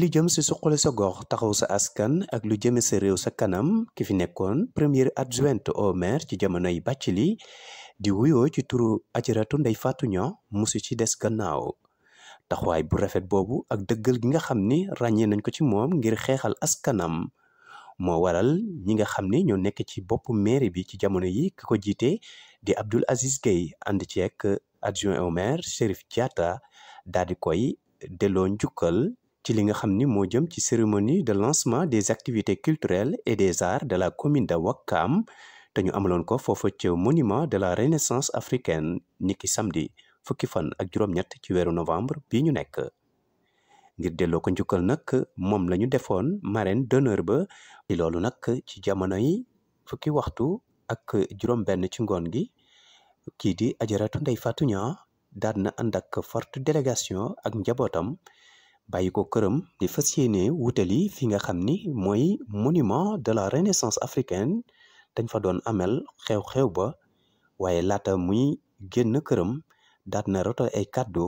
li jëm ci suqali sa gox taxaw sa askan ak lu jëme sa réew sa kanam ki fi nekkoon premier adjoint au maire ci jamonoy li di wuyoo ci turu Ajaratu ndey Fatou Niang musu ci des gannaaw taxawaay bu rafet boobu ak dëggal gi nga xam ni ràññee nañ ko ci moom ngir xeexal askanam moo waral ñi nga xam ni ñoo nekk ci bopp maire bi ci jamono yi ki ko jiite di abdul Aziz Gay ànd ci ak adjoint au maire Chérif diata daal di koy delloo njukkal ci li nga xam ni moo jëm ci cérémonie de lancement des activités culturelles et des arts de la commune de Wakam te ñu amaloon ko foofa ci monument de la renaissance africaine niki samdi fukki fan ak juróom-ñett ci weeru novembre bii ñu nekk. ngir delloo ko njukkal nag moom la ñu defoon marraine d'honneur ba di loolu nag ci jamono yi fukki waxtu ak juróom-benn ci ngoon gi kii di ajaratu Ndeye Fatou Niang daan na ànd ak forte délégation ak njabootam. bayiko kërëm di fas yéene wutali fi nga xam ni mooy monument de la renaissance africaine dañ fa doon amel xew-xew ba waaye laata muy génn kërëm daat na roto ay kàddu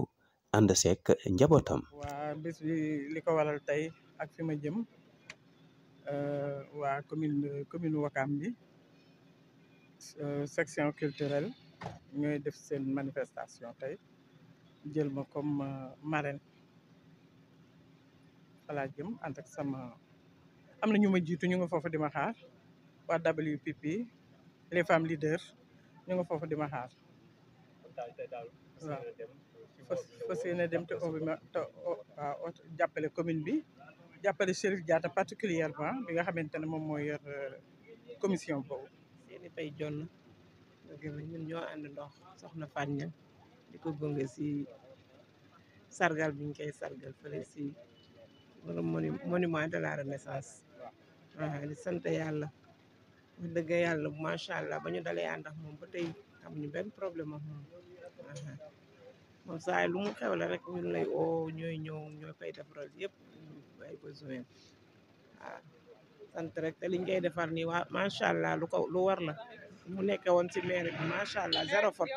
ànd seek njabootam. waa bés bi li ko waral tey ak fi ma jëm euh, waa commune commune Wakam bi euh, section culturelle ñooy def seen manifestation tey jël ma comme euh, marraine. fa ant ak sama amna na ñu ma jiitu ñu nga fofu di ma xaar wa WPP les femmes leaders ñu nga fofu di ma xaar waaw fas yéene dem te obi ma te jappelé commune bi jappelé Chérif Diatta particulièrement bi nga xamantene mom moom mooy yor euh, commission bo seeni fay jonn gëmé ñun ñoo and ndox soxna fagne diko ko ci sargal biñ koy sargal fele ci wala monument de la renaissance waaw di sant yàlla wax dëgg yàlla macha allah ba ñu dalee ànd ak moom ba tey amuñu benn problème ak moom moom lu mu xew rek ñun lay oo ñooy ñëw ñooy fay defaral yëpp ay besoin waaw sant rek te liñ koy defar nii waa macha allah lu ko lu war la mu nekk woon ci mairie bi macha allah zéro faute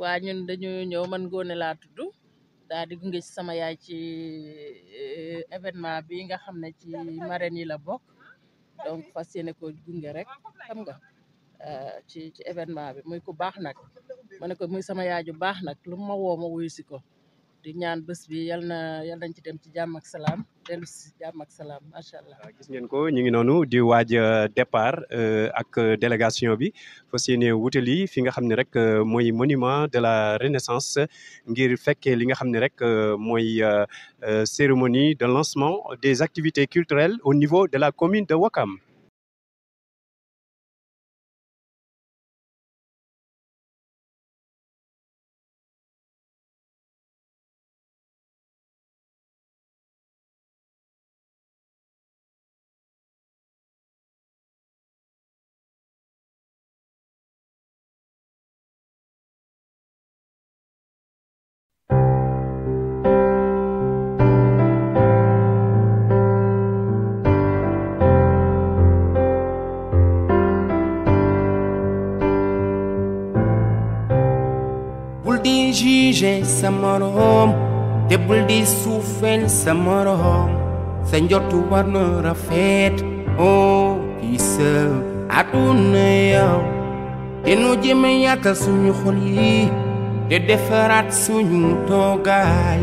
waa ñun dañu ñëw man Ngoné laa tudd daal di gunge ci sama yaay ci eh, événement bi nga xam ne ci marraine yi la bokk donc fas yéene ko gunge rek xam nga eh, ci ci événement bi muy ku baax nag ma ne ko muy sama yaay ju baax nag lu ma woo ma wuyu si ko di ñaan bës bi yal na yal nañ ci dem ci jàmm ak salam delu ci jàmm ak salam machallah gis ngeen ko ñi ngi nonu di waaj euh, départ euh, ak euh, délégation bi fas yéene wutali fi nga xam rek moy monument de la renaissance ngir fekkee li nga xam rek moy cérémonie de lancement des activités culturelles au niveau de la commune de Wakam. jugé sa moroom te bul di suufeel sa moroom sa njortu war na rafet oo oh, ci sa àdduna te nu jëme suñu xol yi te defaraat suñu toogaay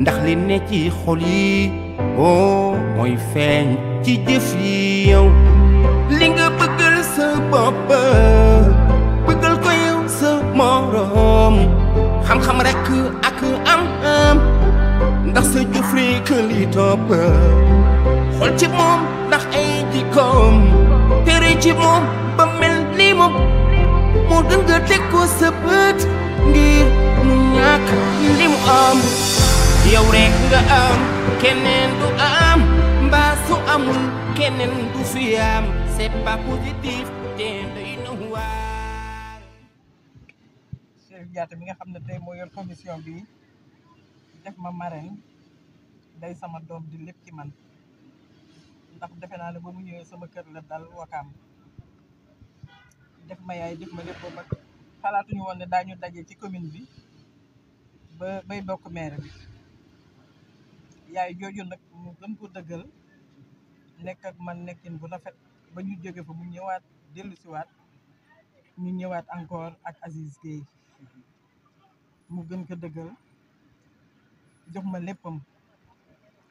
ndax li ne ci xol yi oo oh, mooy feeñ ci jëf yi yow li nga bëggal sa bopp xam-xam rek ak am-am ndax sa jëf rek li topp xool ci moom ndax ay jikkoom tere ci moom ba mel ni moom moo gën nga teg ko sa bët ngir mu ñàkk li mu nga am keneen du am mbaa amul keneen du fi am c'est pas positif Diatta bi nga xam ne tey moo yor commission bi def ma marraine day sama doom di lépp ci man ndax defe naa ne ba mu ñëwee sama kër la dal wakaam def ma yaay def ma lépp xalaatuñu woon ne daañu daje ci commune bi ba bay bokk maire bi yaay jooju nag mu gën ko dëggal nekk ak man nekkin bu rafet ba ñu jóge fa mu ñëwaat dellusiwaat siwaat ñu ñëwaat encore ak Aziz Gueye mu gën ko dëggal jox ma leppam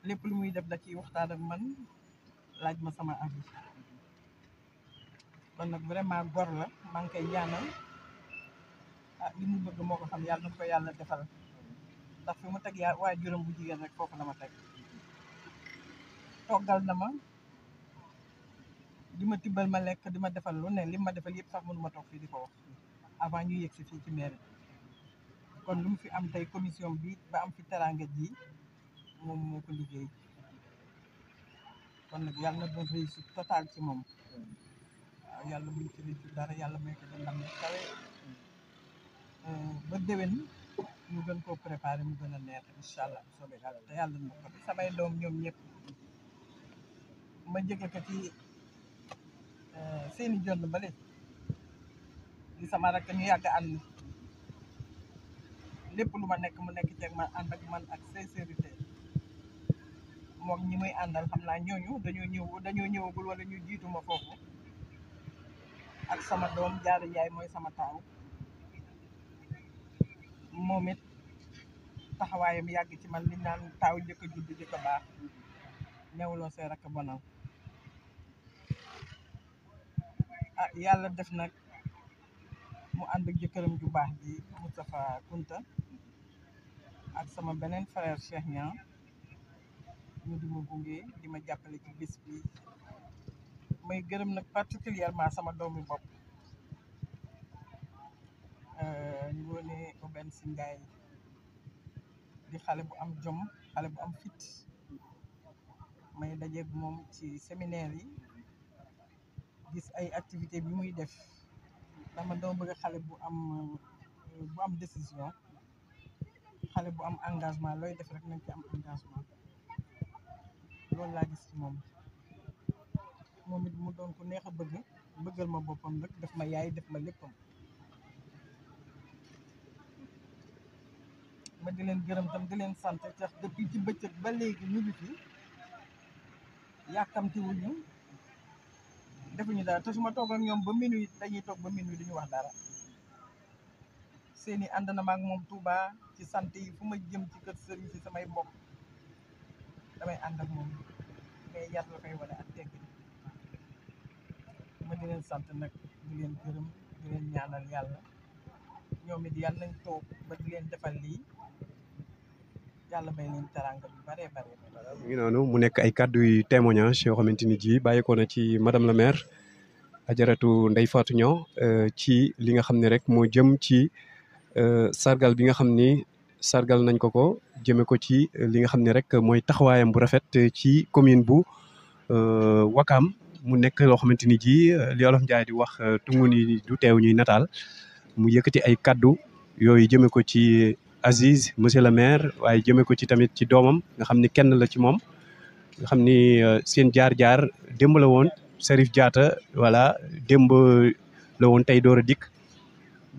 lépp lu muy def da ciy waxtaan ak man laaj ma sama avis kon nag vraiment gor la maa ngi koy ñaanal ah li mu bëgg moo ko xam yàlla na ko yàlla defal ndax fi mu teg yaa waaye juróom bu jigéen rek foofu la ma teg toggal na ma di ma tibbal ma lekk di ma defal lu ne li ma defal yëpp sax mënu ma toog fii di ko wax avant ñu yëg si fii ci mairie kon lu mu fi am tey commission bi ba am fi teranga ji moom moo ko liggéey kon nag yàlla na doon réussite totale ci moom waaw yàlla buñ ci réussite dara yàlla may ko ndam lu kawe euh, ba déwén ñu gën koo préparé mu gën a neex incha allah soobee yàlla te yàlla na ko samay doom ñoom ñëpp ma jege ko ci euh, seeni jonn bale di sama rakk ñu lépp lu ma mu nekk ceeg man ànd ak man ak sincérité moom ñi muy àndal xam naa ñooñu dañoo ñëw dañoo ñëwagul wala ñu jiitu ma ak sama doom jaar yaay mooy sama taaw moom it taxawaayam ci man li naan taaw njëkk judd njëkk a baax ñewloo rek def mu ak ju baax Kunta ak sama benen frère Cheikh nya ñu di ma gungé di ma jappalé ci bis bi may gërëm nak particulièrement sama doomi woné o ben Sy Ndiaye di xalé bu am jom xalé bu am fit may ak mom ci séminaire yi gis ay activité bi muy def dama doom bëgg xalé bu am bu am décision xale bu am engagement looy def rek nañ ki am engagement loolu laa gis ci moom moom it mu doon ku neex a bëgg bëggal ma boppam rek def ma yaay def ma léppam ma di leen gërëm tam di leen sant tax depuis ci bëccëg ba léegi ñu ngi fi yàkkamtiwuñu defuñu dara te su ma toog ñoom ba minuit dañuy toog ba minuit duñu wax daal seeni ànd na maag moom Touba ci sant fu ma jëm ci kër sëriñ si samay mbokk damay ànd moom mais yar la koy wane ak tegg ma di leen sant nag di leen yàlla ñoom bare mu ngi noonu mu nekk ay kàddu yu témoignage yoo xamante ni ji bàyyeekoo na ci madame la maire ajaratu Ndeye Fatou Niang euh, ci li nga xam ne rek moo jëm ci Euh, sargal bi nga xam ni sargal nañ ko ko jëme ko ci euh, li nga xam ne rek mooy taxawaayam bu rafet euh, ci commune bu Wakaam mu nekk loo xamante ni ji li Olof di wax tungu ni du teew ñuy nataal mu yëkkati ay kaddu yooyu jëme ko ci Aziz monsieur le maire waaye jëme ko ci tamit ci doomam nga xam ni kenn la ci moom nga xam ni seen jaar-jaar démb la woon Serif jaata wala démb la woon tey door a dikk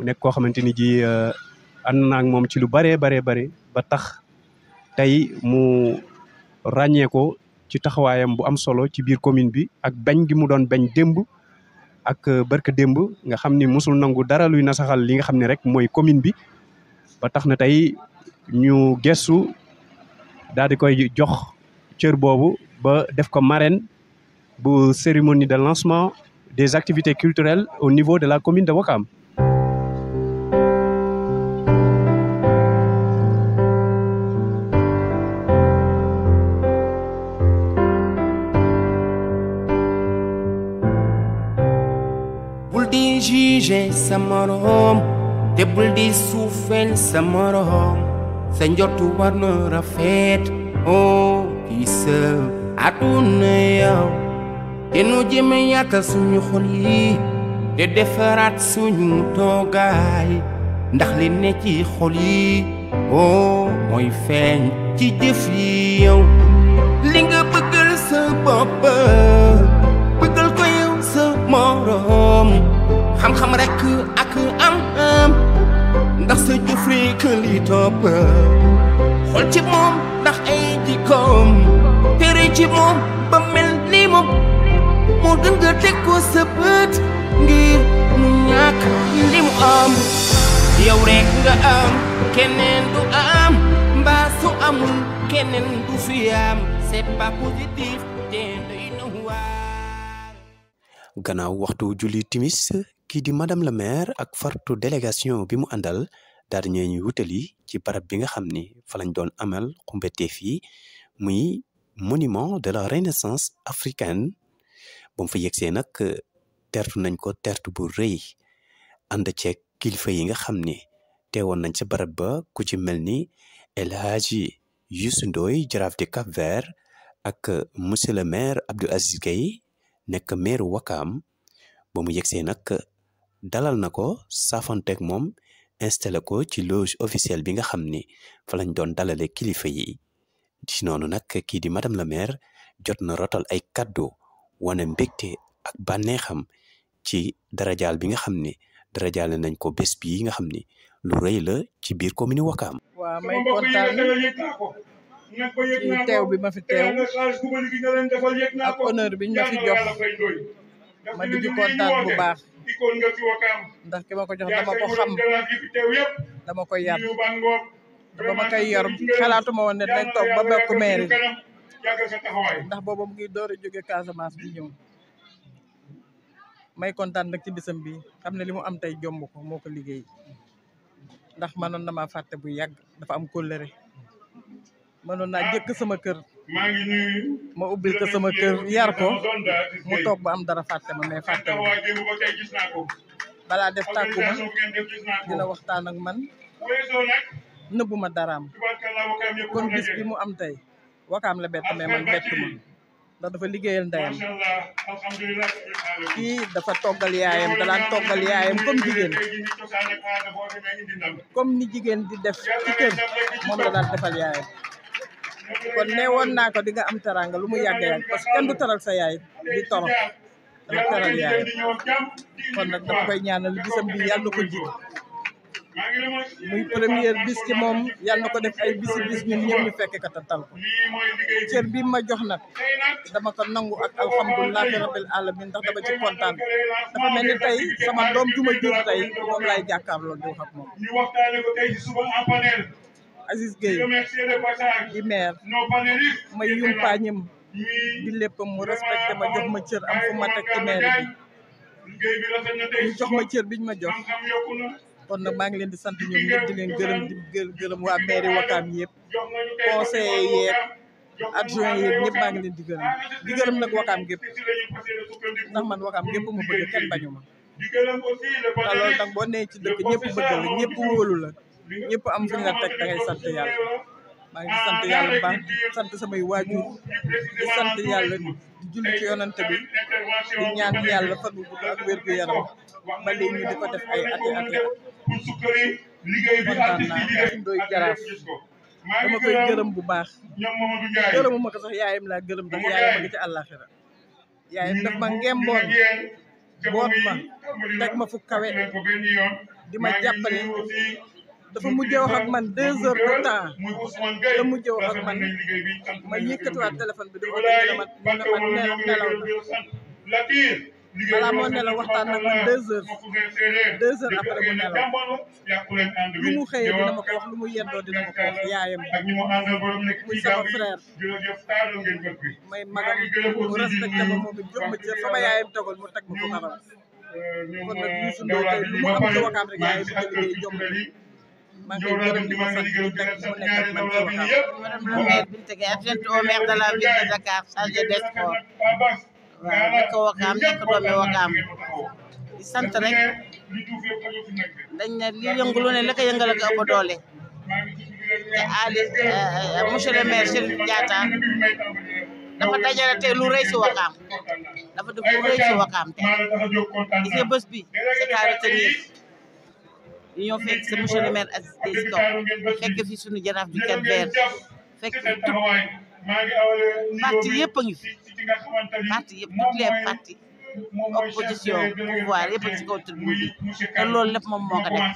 mu nekk koo xamante ni ji euh, ànd naa ak moom ci lu bare bare bare ba tax tey mu ko ci bu am solo ci biir commune bi ak bañ gi mu doon bañ ak euh, barka démb nga ni dara luy nasaxal li nga xam ne rek mooy commune bi ba tax na tey ñu gestu daal di koy jox cër boobu ba def ko bu cérémonie de lancement des activités culturelles au niveau de la commune de Wakam. sa moroom te bul di suufeel sa moroom sa njortu war na rafet oo oh, kii sa àdduna te nu jëme yaatal suñu xol yi te defaraat suñu toogaay ndax li ne ci xol yi oo oh, mooy feeñ ci jëf yi yow li nga bëggal sa bopp xool ci moom ndax ay jikkoom tere ci moom ba mel ni moom moo gën nga teg ko ngir ñàkk li mu am yow rek nga am keneen du am mbaa su amul keneen du fi am positif te doy na gannaaw waxtu julli timis kii di madame la maire ak fartu délégation bi mu àndal daal di ñuy wutali ci barab bi nga xam ni fa doon amal xumbateef yi muy monument de la renaissance africaine ba mu fa yegsee nag tertu nañ ko tertu bu rëy ànd ceeg kilifa yi nga xam ni teewoon nañ ca barab ba ku ci mel ni El Hadji Youssou Ndoye jaraaf de Cap-Vert ak monsieur le maire Abdou Aziz Gueye nekk maire Wakaam ba mu yegsee nag dalal na ko saafanteeg moom installé ko ci loge officielle bi nga xam ni fa lañ doon dalale kilifa yi ci noonu nag kii di madame la maire jot na rotal ay kàddu wane mbégte ak bànneexam ci darajaal bi nga xam ni darajaale nañ ko bés bii nga xam ni lu rëy la ci biir commune Wakaam. waa may kontaan ci teew bi ma fi teew ak honneur bi ma fi jox ma di ci kontaan bu baax. dikkoon nga fi wakaam ndax ki ma ko jox dama ko xam dama koy yar ba ma koy yor xalaatu ma woon ne dañ toog ba bokk mairie ndax booba mu ngi door a jóge Casamance bi ñëw may kontaan nag ci bisam bi xam ne li mu am tey jomb ko moo ko liggéey ndax mënoon na ma fàtte bu yàgg dafa am kóllëre mënoon naa jëkk sama kër maa ma ubbil ko sama kër yar ko mu toog ba am dara fàtte ma mais fàtte ma balaa def tàggu ma dina waxtaan ak man nëbbu ma daraam kon bis bi mu am tey wakaam la bett mais man bett ma ndax dafa liggéeyal ndeyam kii dafa toggal yaayam dalaa daan toggal yaayam comme jigéen comme ni jigéen di def ci kër moom la daan defal yaayam kon newon na ko diga am teraanga lu mu yagge yàgg parce que kenn du teral sa yaay di toro da teral yaay kon nak da koy ñaanal bisam bi yalla ko jiitu muy premier bis ci mom yalla ko def ay bis bis ñun ñepp ñu fekke ko tal ko cer bi ma jox nak dama ko nangu ak alhamdullahi rabbil alamin ndax dama ci kontaan dafa mel ni tey sama doom do xam mom ñu waxtane ko tay ci suba en panel Aziz Gueye di maire ma yumpaañam di léppam mu respecté ma jox ma cër am fu ma teg ci maire bi ñu jox ma cër biñ ma jox kon nag maa ngi leen di sant ñoom ñëpp di leen gërëm di gërëm waa maire Wakaam yëpp conseiller yeeg adjoint yeeg ñëpp maa ngi leen di gërëm ah, di gërëm nag Wakaam gépp ndax man Wakaam ma bëgg kenn bañu ma te loolu ci dëkk ñëpp bëgg la la ñëpp am fu ñu la teg da ngay sant yàlla maa ngi sant yàlla baax sant samay waajur di sant yàlla di julli ci yonante bi di ñaan yàlla fan bu gudd ak wér gu yaram ba léegi ñu di ko def ay ati ati kontaan naa Ndoye Jaraaf koy gërëm bu baax gërëmu ma ko sax yaayam laa gërëm ndax yaayam a ngi ci àllaaxira yaayam daf ma ngemboon boot ma teg ma fu kawe di ma jàppale dafa mujjee wax ak man deux heures de temps la mujjee wax ak man ma yëkkatiwaat téléphone bi dama ko jëlee man dama nelaw na balaa moo nelaw waxtaan nag man deux heures deux heures après mu nelaw lu mu xëyee dina ma ko wax lu mu yendoo dina ma ko wax yaayam muy sama frère may magam mu respecté ma moom it jox ma cër sama yaayam tegal mu teg ma ko xaram euh, kon nag euh, Youssou Ndoye tey lu mu am ci wakaam rek yaayam bi jëlee jomb maa ngi koy gërëm di ko sant ko sant mu nekk ak man ci waxam. madame Binta Gueye adjointe au maire de la ville de rek dañ ne li yëngu lu ne la ko yëngal ak ëpp doole te Ali dafa dajale te lu rëy si Wakaam dafa lu rëy si Wakaam te gis nga bés ñoo fekk sa monsieur le maire Aziz Sy Diop fekk fi suñu janaaf bi Cap Vert fekk tout parti yépp a ngi fi parti yépp y'a toutes les parti opposition pouvoir yépp a ci kaw tudd bi te loolu lépp moom moo ko def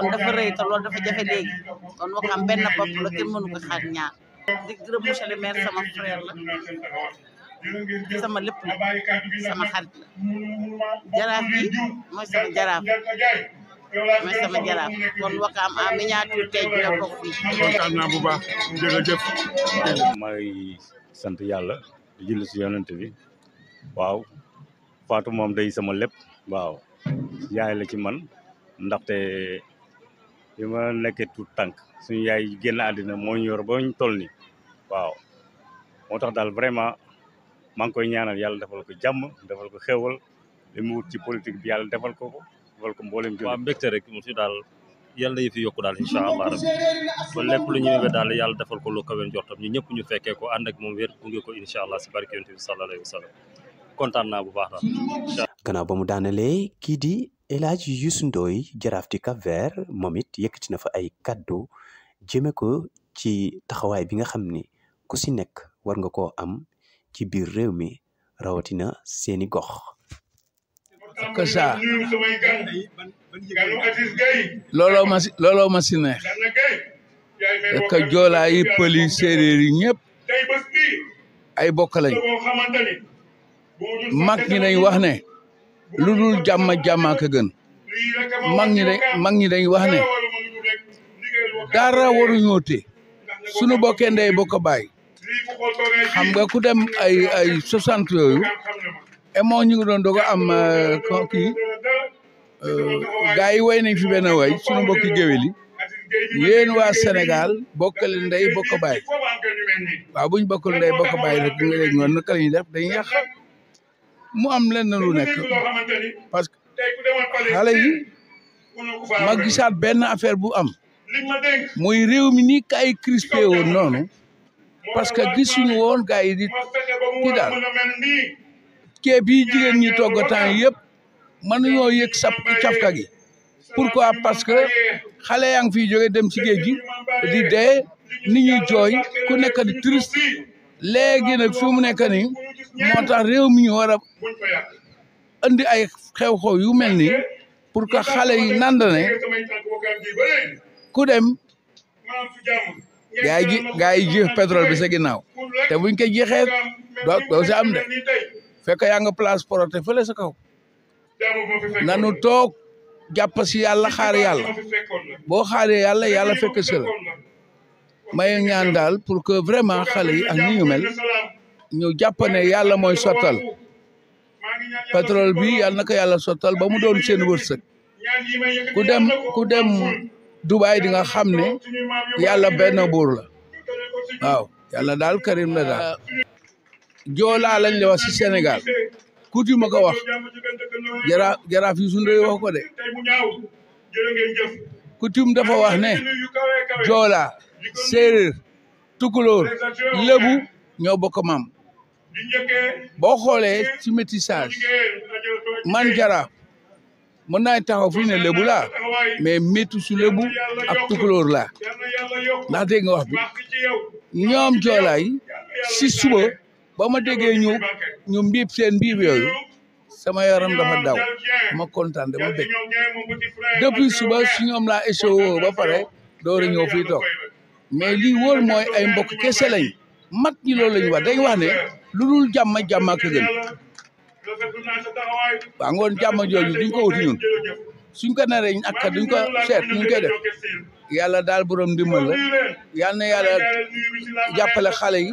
kon dafa rëy te loolu dafa jafe léegi kon moo xam benn bopp la kenn mënu ko xaar ñaar di gërëm monsieur le maire sama frère la sama lépp la sama xarit la jaraaf bi mooy sama jaraaf mooy sama jaraaf kon Wakaam en ah, miniature tey bi la bokk fii. kontaan naa bu baax jërëjëf. may sant yàlla di julli si yonent bi waaw Fatou moom day sama lépp waaw yaay la ci man ndaxte bi ma nekkee tuut tànk suñu yaay génn àddina moo ñu yor ba ñu toll nii moo tax daal vraiment maa koy ñaanal yàlla defal ko jàmm defal ko xewal li mu wut ci politique bi yàlla defal ko. defal ko mboolem jullit. waaw mbégte rek monsieur daal yal na yëf yi yokku daal incha allah rabbi ba lépp lu ñu ñëwee daal yàlla defal ko lu kawe njortam ñu ñëpp ñu fekkee ko ànd ak moom wér gunge ko incha allah si barke yonent bi sallallahu alayhi kontaan naa bu baax daal. ba mu daanalee kii di El Hadj Youssou Ndoye jaraaf di ka Vert moom it yëkkati na fa ay kaddu jëme ko ci taxawaay bi nga xam ni ku si nekk war nga koo am ci biir réew mi rawatina seeni gox. que ça looloo ma si looloo ma si neex que ñëpp ay bokk lañ mag ñi dañ wax ne lu dul jàmm jàmmaa ka gën mag ñi mag ñi dañ wax ne dara waruñoo te suñu bokkee ndey bokk baay xam nga ku dem ay ay yooyu moo ñu ngi doon doog am euh, kii euh, gars yi way nañ fi benn way sunu mbokki géwél yi yéen waa Sénégal bokkale ndey bokk baay waaw buñ bokkul ndey bokk baay naka la def dañuy yàq mu am lenn lu nekk parce que xale ma gisaat benn affaire bu am muy réew mi ni kay crispé woon noonu parce que gisuñu woon di kii ceeb yi jigéen ñi togg temps yëpp mënuñoo yëg sap cafka gi pourquoi parce que xale yaa ngi fiy jóge dem ci géej gi di dee nit ñuy jooy ku nekk di triste léegi nag fi mu nekk nii moo tax réew mi ñu war a indi ay xew-xew yu mel nii pour que xale yi nandane ku dem gaa yi ji gaa yi bi ginnaaw te buñ ko jeexee doo si am de fekk ya nga place porote fële sa kaw nanu tok japp ci yalla xaar yalla bo xaaré yalla yalla ya fekk seul may ñaan dal pour que vraiment xalé yi ak ah, ñu mel ñu jàpp ne yàlla ya mooy sottal pétrole bi yalla ya naka yalla sotal ba mu doon seen wërseuk ku dem ku dem dubai di nga xamné yalla benn la waaw yalla dal Karim la dal joolaa lañ la wax si senegal kuti ma ko wax jaraaf jaraaf yu sunde wax ko de kutum dafa wax ne joolaa séeréer tukulóor ñoo bokk maam boo xoolee ci métissage man jaraaf mën naa taxaw fii ne lébu laa mais métu ak tukulóor laa ndax dégg nga wax bi ñoom joolaa si suba ba ma déggee ñu ñu mbiib seen mbiib yooyu sama yaram dafa daw ma kontaan dama bëgg depuis suba si ñoom laa échoué ba pare door a ñëw fii toog mais lii wóor mooy ay mbokk kese lañ mag ñi loolu la ñu wax dañ wax ne lu dul jàmm jàmm ak gën waa ngoon jàmm ñun suñ ko naree ñàkk duñ ko seet ñu koy def yàlla daal borom ndimbal la yal na yàlla jàppale xale yi.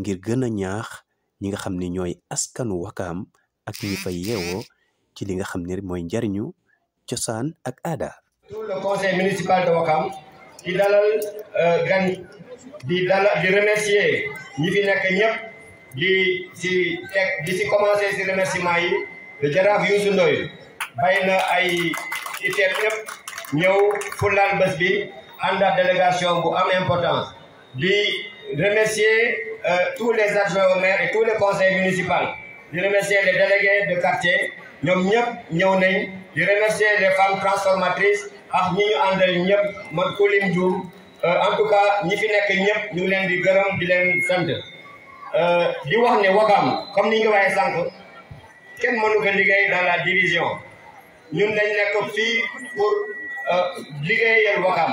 ngir gën a ñaax ñi nga xam ne ñooy askanu wakaam ak ñi fay yeewoo ci li nga xam ne mooy njariñu cosaan ak aada tout le conseil municipal de wakam di dalal euh, gan di dalal di remercier ñi fi nekk ñëpp di si teg di si commencer si remerciement yi le jaraaf Youssou Ndoye bàyyi na ay iteem ñëpp ñëw fulaal bés bi ànd ak délégation bu am importance di remercier euh, tous les adjoints au maire et tous les conseils municipaux Je remercie les délégués de quartier ñoom ñëpp ñëw nañ di remercier les femmes transformatrices ak ñi ñu les ñëpp man euh, en tout cas ñi fi nekk ñëpp ñu ngi leen di gërëm di leen sant euh, di wax ne Wakaam comme ni ñu ko waxee sànq kenn mënu ko délégué dans la division ñun dañ nekk fii pour euh, liggéeyal Wakaam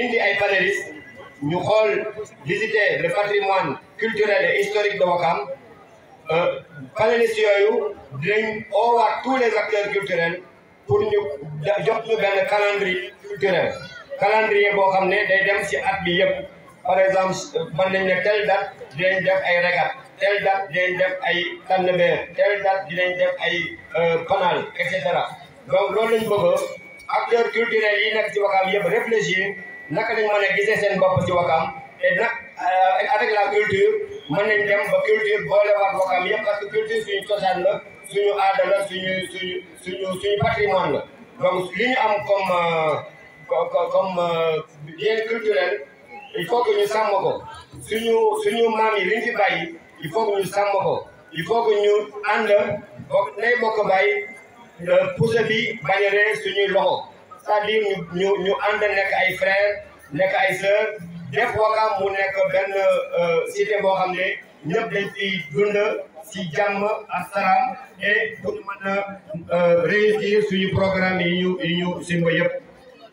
indi ay panélistes ñu xool visiter le patrimoine culturel et historique de Wakam euh, panélistes yooyu dinañ oowaat tous les acteurs culturels pour ñu jox ñu benn calendrier culturel calendrier boo xam ne day dem ci at bi yëpp par exemple mën nañ ne telle date dinañ def ay tel telle date dinañ def ay tànn tel telle date dinañ def ay euh, panal et cetera donc lañ bëgg acteurs culturels yi nekk ci Wakaam yëpp réfléchir naka lañ mën a gisee seen bopp ci Wakaam te nag euh, la culture mën nañ ba culture boolewaat Wakaam yëpp parce que culture suñu cosaan la suñu aada suñu suñu la donc li ñu am comme euh, comme bien euh, culturel il faut que ñu suñu suñu maam yi liñ fi bàyyi il faut que ñu sàmm ko bokk nay bokk bàyyi Euh, pousse bi bañ a ree suñuy loxo cest ñu ñu ñu nekk ay frères nekk ay sœurs def Ouakam mu nekk benn euh, cité boo xam ne ñëpp dañ fi dund ci jàmm ak salaam et mën a euh, réussir suñu programme yi ñu yi simba yëpp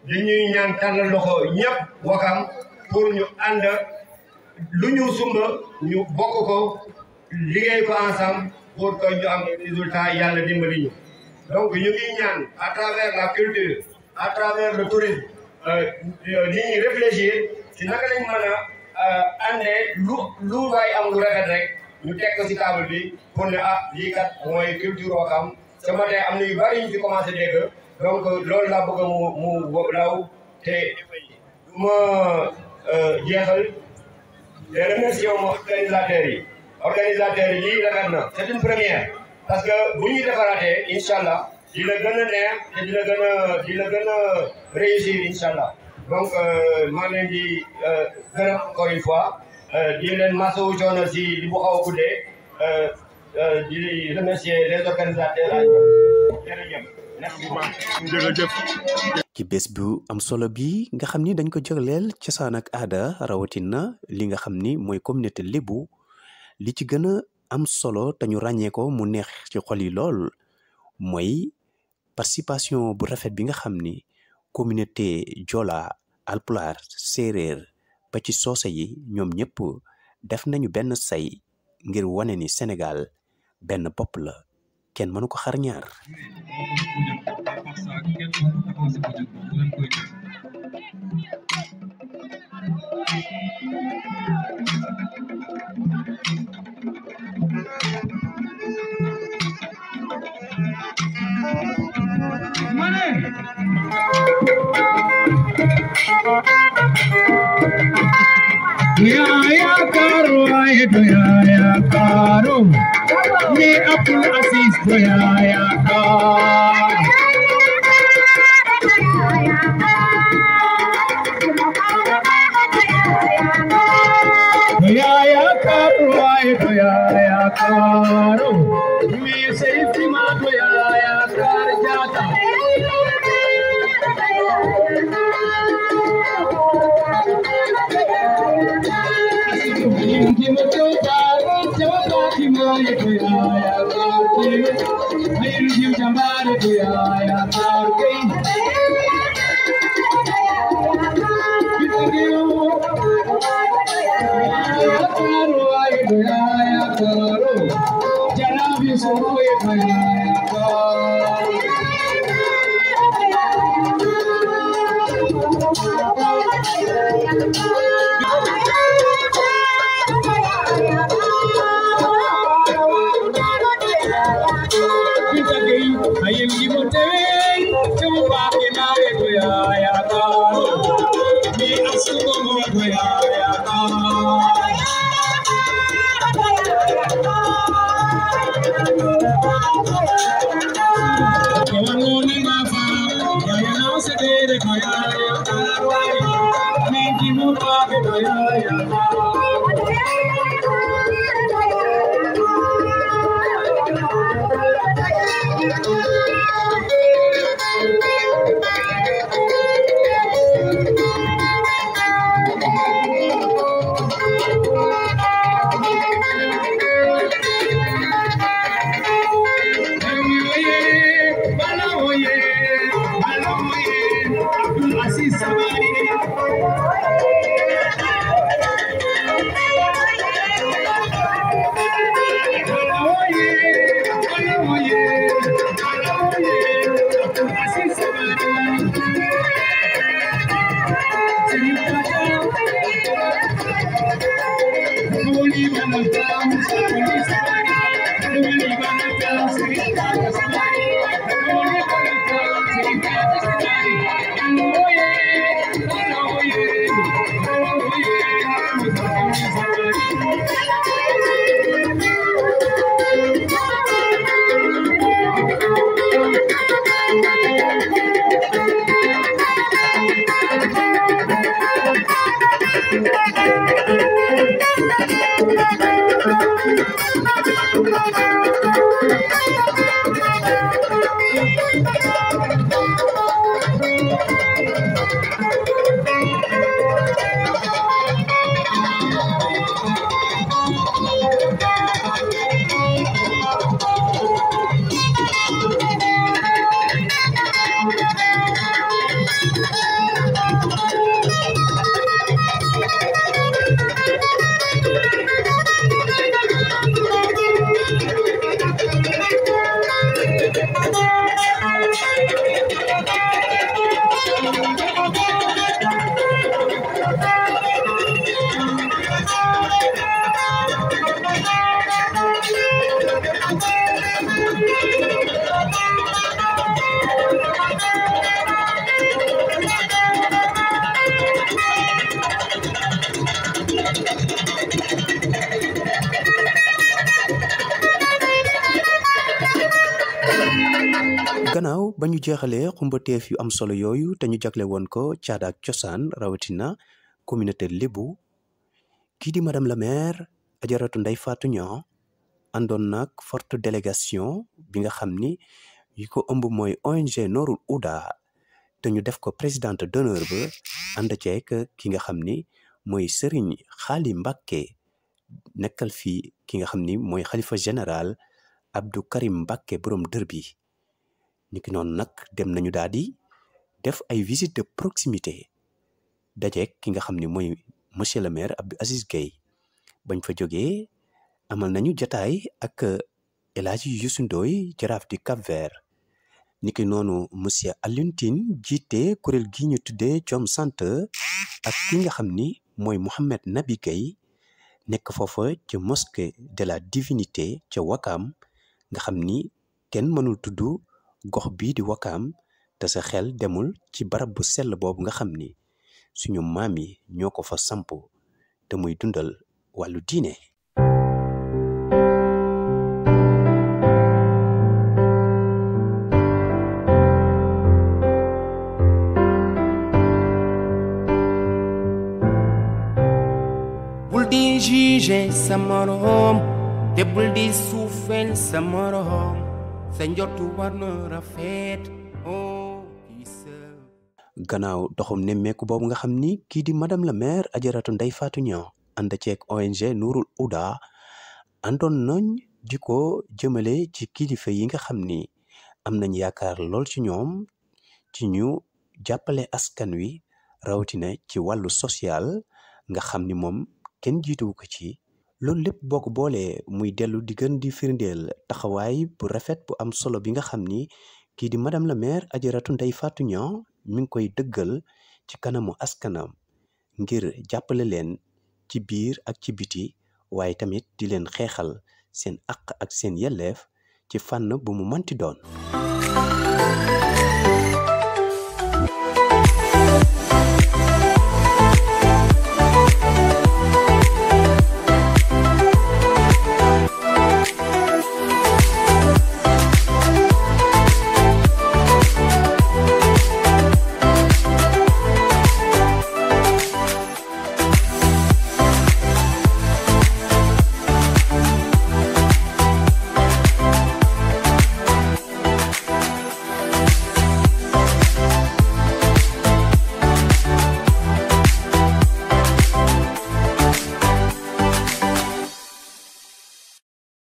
dañuy ñaan tànn loxo ñëpp Ouakam pour ñu ànd lu ñu sumba ñu bokk liggéey ko ensemble pour que ñu am résultat yàlla dimbali ñu donc ñu ngi ñaan à travers la culture à travers le tourisme nit euh, ñi réfléchir ci naka lañ mën a andee euh, lu lu waay am lu rafet rek ñu teg ko ci table bi pour ne ah lii kat mooy culture Ouakam ce am na yu bari ñu fi commencé dégg donc loolu laa bëgg mu mu law te ma euh, jeexal te remercier mu organisateurs yi organisateurs yi lii rafet na c'est une parce que bu ñuy defaraatee incha allah dina gën a neex te dina gën a dina gën a réussir incha allah donc euh, maa ngi leen di euh, gërëm encore une fois euh, di leen masawu coono si li bu xaw a guddee di remercier les organisateurs ak jërëjëf merci beaucoup jërëjëf ci bés bu am solo bi nga xam ni dañ ko jagleel cosaan ak aada rawatina li nga xam ni mooy communauté lébu li ci gën a am solo te ñu ràññee ko mu neex ci xol yi lool mooy participation bu rafet bi nga xam ni communauté jola alpulaar séeréer ba ci soose yi ñoom ñëpp def nañu benn say ngir wane ni Sénégal benn bopp la kenn mënu ko xar ñaar Thank you. ढुयाया कारो आए ढुयाया कारो ने अपना असीस ढुयाया कारो Thank you. Thank you. gannaaw ba ñu jeexalee xumbateef yu am solo yooyu te ñu jagle woon ko caada ak cosaan rawatina communauté lébu kii di madame la maire ajaratu Ndeye Fatou Niang àndoon nag forte délégation bi nga xam ni yi ko ëmb mooy ONG Noorul Huda te ñu def ko présidente d'honneur ba ànd ceeg ki nga xam ni mooy Serigne Xaali mbake nekkal fii ki nga xam ni mooy xalifa général Abdou Karim mbake borom dër bi niki noonu nag dem nañu daal di def ay visite de proximité dajeek ki nga xam ni mooy monsieur le maire Abdou Aziz Guèye bañ fa jógee amal nañu jataay ak euh, El Hadji Youssou Ndoye jaraaf di Cap Vert niki noonu monsieur Alioune jiite kuréel gi ñu tuddee Jom Center ak ki nga xam ni mooy Mouhamed Nabi Guèye nekk foofa ca mosquée de la divinité ca Wakam nga xam ni kenn mënul tudd gox bii di Wakaam te sa xel demul ci barab bu sell boobu nga xam ni suñu maam yi ñoo ko fa samp te muy dundal wàllu diine. bul sa njortu war na rafet oh, gannaaw doxum nemmeeku boobu nga xam ni kii di madame la maire Adjaratou Ndeye Fatou Niang ànd ceeg ONG Nourul Huda àndoon nañ jiko jëmale ci kilifa yi nga xam ni am nañ yaakaar lool ci ñoom ci ñu jàppale askan wi rawatina ci wàllu social nga xam ni moom kenn jiituwu ko ci loolu lépp boo ko boolee muy dellu di gën di firndeel taxawaay bu rafet bu am solo bi nga xam ni kii di madame la maire Adjaratou Ndeye Fatou Niang mi ngi koy dëggal ci kanamu askanam ngir jàppale leen ci biir ak ci biti waaye tamit di leen xeexal seen àq ak seen yelleef ci fànn bu mu manti doon